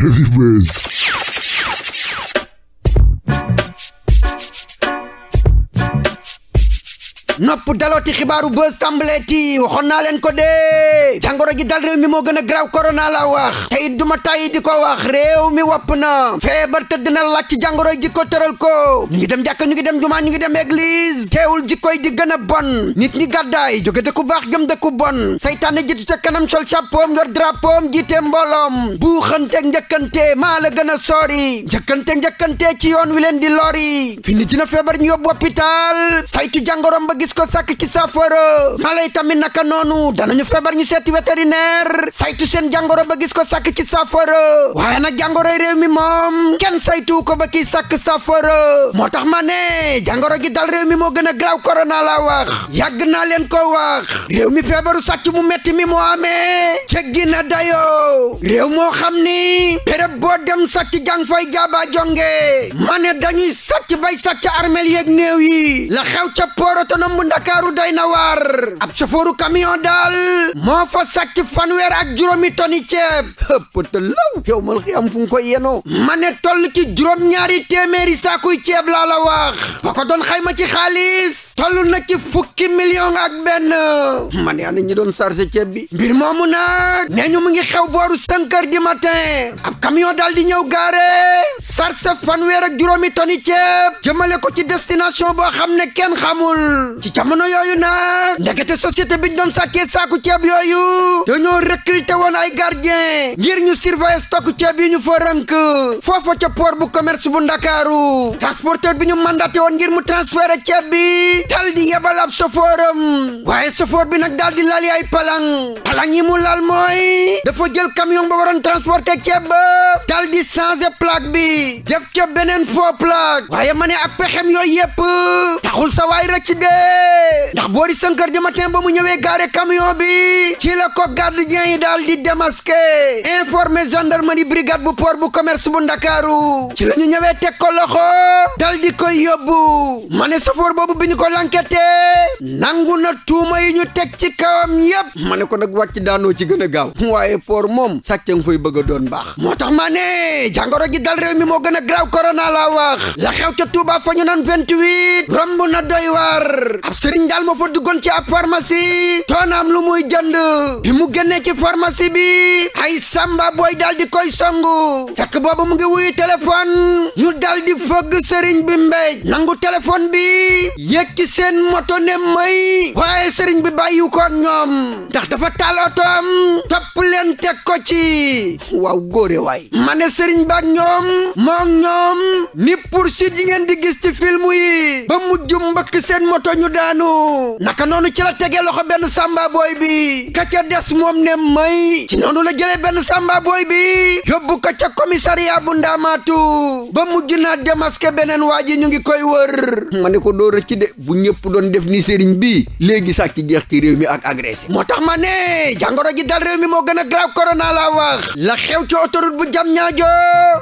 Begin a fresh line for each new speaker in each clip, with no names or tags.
Heavy Waves. nopp dalooti xibaaru buzz tàmbaleeti waxoon naa leen ko dee jàngoro ji dal réew mi moo gën a graaw korona la wax te it duma tàyyi di ko wax réew mi wopp na feebar tëdd na laaj ci jàngoro ji ko tëral ko ñu dem jàkka ñu ngi dem jumaa ñu ngi dem église teewul jikkoy di gën a bon nit ñi gàddaay jóge dëkku baax jëm dëkku bon saytaane ji ca kanam sol chapeau yor drapeau jiite mbooloom buuxanteeg njëkkante maa maala gën a sori njëkkante njëkkante ci yoon wi leen di lori fi nit dina feebar ñu yóbbu hôpital saytu jàngoroom ba gis ko ci saafara mala yi tamit naka noonu danañu feebar ñu seeti vétérinaire saytu seen jàngoro ba gis ko sàkk ci saafara waaye nag jàngoroy réew mi moom kenn saytu ko ba kiy sàkk saafara moo tax ma ne jàngoro gi dal réew mi moo gën a graaw corona wax yàgg naa leen ko wax réew mi feebaru sàcc mu metti mi moo amee jéggi na dayoo réew moo xam ni béréb boo dem sàcc jàng fay jaaba jonge ma ne dañuy bay sàcc armel yeeg néew yi la xew ca port autonome làmb ndakaaru doy na waar ab chauffeuru camion daal moo fa sàcc fanweer ak juróomi toni ceeb pëtë law yow mal xiyam fu ngi koy yenoo ma ne toll ci juróom-ñaari téeméeri saakuy ceeb laa la wax ba ko xayma ci xaalis toll na ci fukki million ak benn man yaa na ñi doon chargé ceeb bi mbir moomu nag nee ñu mu ngi xew booru cinq heures du matin ab camion daal di ñëw gaare chargé fanweer ak juróomi toni ceeb jëmale ko ci destination boo xam ne kenn xamul ci jamono yooyu nag ndekete société bi ñu doon sàkkee saaku ceeb yooyu dañoo recruter woon ay gardien ngir ñu surveiller stock ceeb yi ñu fa rënk foofa ca port bu commerce bu ndakaaru transporteur bi ñu mandate woon ngir mu transférer ceeb bi dal di yebal ab sofooram waaye sofoor bi na daal di lal ay palang palang yi mu lal mooy dafa jël camion ba waroon transporter ceeb ba dal di plaque bi def ca beneen faux plaque waaye ma ne a pexem yooyu yépp taxul sa waay rëcc de ndax boori cinq heures du matin ba mu ñëwee gaare camion bi ci la ko gardien yi daal di démasqué informé gendarmerie brigade bu port bu commerce bu ndakaaru ci la ñu ñëwee teg ko loxo dal di koy yóbbu ma ne sofoor boobu bi l'enquêteur nangu na tuuma yi ñu teg ci kawam yépp ma ne ko nag wàcc daanoo ci gën a gaaw waaye poor moom sàccang fay bëgg a doon baax moo tax maa ne jàngoro ji dal réew mi moo gën a graaw korona laa wax la xew ca Tuuba fa ñu naan 28 romb na doy war ab sëriñ daal moo fa duggoon ci ab pharmacie toonaam lu muy jënd bi mu génnee ci pharmacie bi ay samba booy daal di koy songu fekk boobu mu ngi wuyu téléphone ñu daal di fëgg sëriñ bi mbéj nangu téléphone bi yéeg yëkkati seen moto ne may waaye sëriñ bi bàyyiw ko ak ñoom ndax dafa taal otoom topp leen ko ci waaw góore waay ma ne sëriñ ba ak ñoom moo ñoom ni poursuite yi ngeen di gis ci film yi ba mujj mbëkk seen moto ñu daanu naka noonu ci la tegee loxo benn samba boy bi ka ca des moom ne may ci noonu la jëlee benn samba boy bi yóbbu ka ca commissariat bu ndaamaatu ba mujj naa démasqué beneen waa ji ñu ngi koy wër ma ne ko doo rëcc de bu ñëpp doon def ni sëriñ bi léegi sàcc jeex ci réew mi ak agressé moo tax ma ne jàngoro ji dal réew mi moo gën a grave corona la wax la xew ci autoroute bu jam ñaajo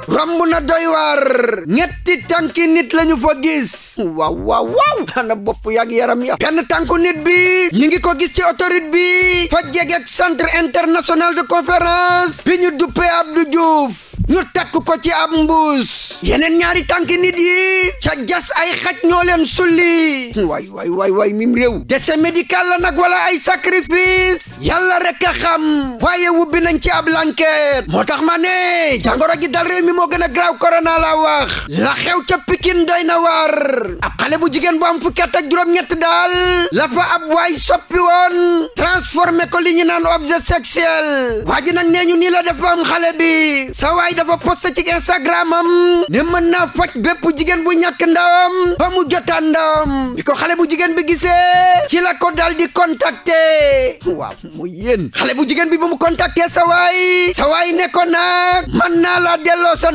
romb na doy war ñetti tànki nit lañu fa gis waaw waaw waaw ana bopp yàgg yaram ya benn tànku nit bi ñu ngi ko gis ci autoroute bi fa jege ak centre international de conférence bi ñu duppee Abdou Diouf ñu takk ko ci ab mbuus yeneen ñaari tànk nit yi ak jas ay xaj ñoo leen sulli waay waay waay waay mim réew dese médical la nag wala ay sacrifice yàlla rek a xam waaye wubbi nañ ci ab lanket moo tax ma ne jàngoro ji dal réew mi moo gën a graaw korona la wax la xew ca Pikine doy na war ab xale bu jigéen bu am fukki at ak juróom-ñett daal la fa ab waay soppi woon transformé ko li ñu naan objet sexuel waa nee ñu nii dafa am xale bi sa dafa posté ci Instagram am ne mën naa faj bépp jigéen bu ñàkk ndawam ba mu jotaat ndawam bi ko xale bu jigéen bi gisee ci la ko dal di contacter waaw mu yéen xale bu jigéen bi ba mu contacter sa waay sa waay ne ko nag dinaa la delloo sa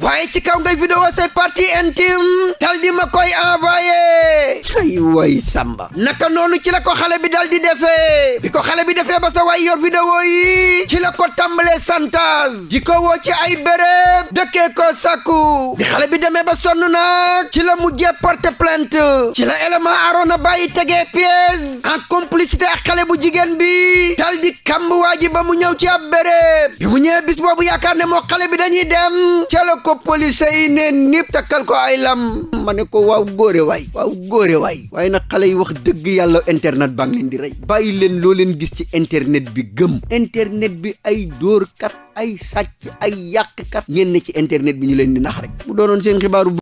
waaye ci kaw ngay vidéo say partie intime dal ma koy envoyé ay way samba naka noonu ci la ko xale bi dal di defee bi ko xale bi defee ba sa waay yor vidéo yi ci la ko tàmbalee santage di ko woo ci ay béréb dëkkee ko sakku di xale bi demee ba sonn nag ci la mujjee porte plainte ci la élément aroona bàyyi tegee piège en complicité ak xale bu jigéen bi dal di kamb waa ji ba mu ñëw ci ab béréb bi mu ñëwee bis yaakaar ne moo xale bi dañuy dem ca la ko police yi ne nip takkal ko ay lam ma ne ko waaw góore waay waaw góore waay waaye nag xale yi wax dëgg yàlla internet baa ngi leen di rey bàyyi leen loo leen gis ci internet bi gëm internet bi ay dóorkat ay sàcc ay yàqkat ñenn ci internet bi ñu leen di nax rek bu doonoon seen xibaaru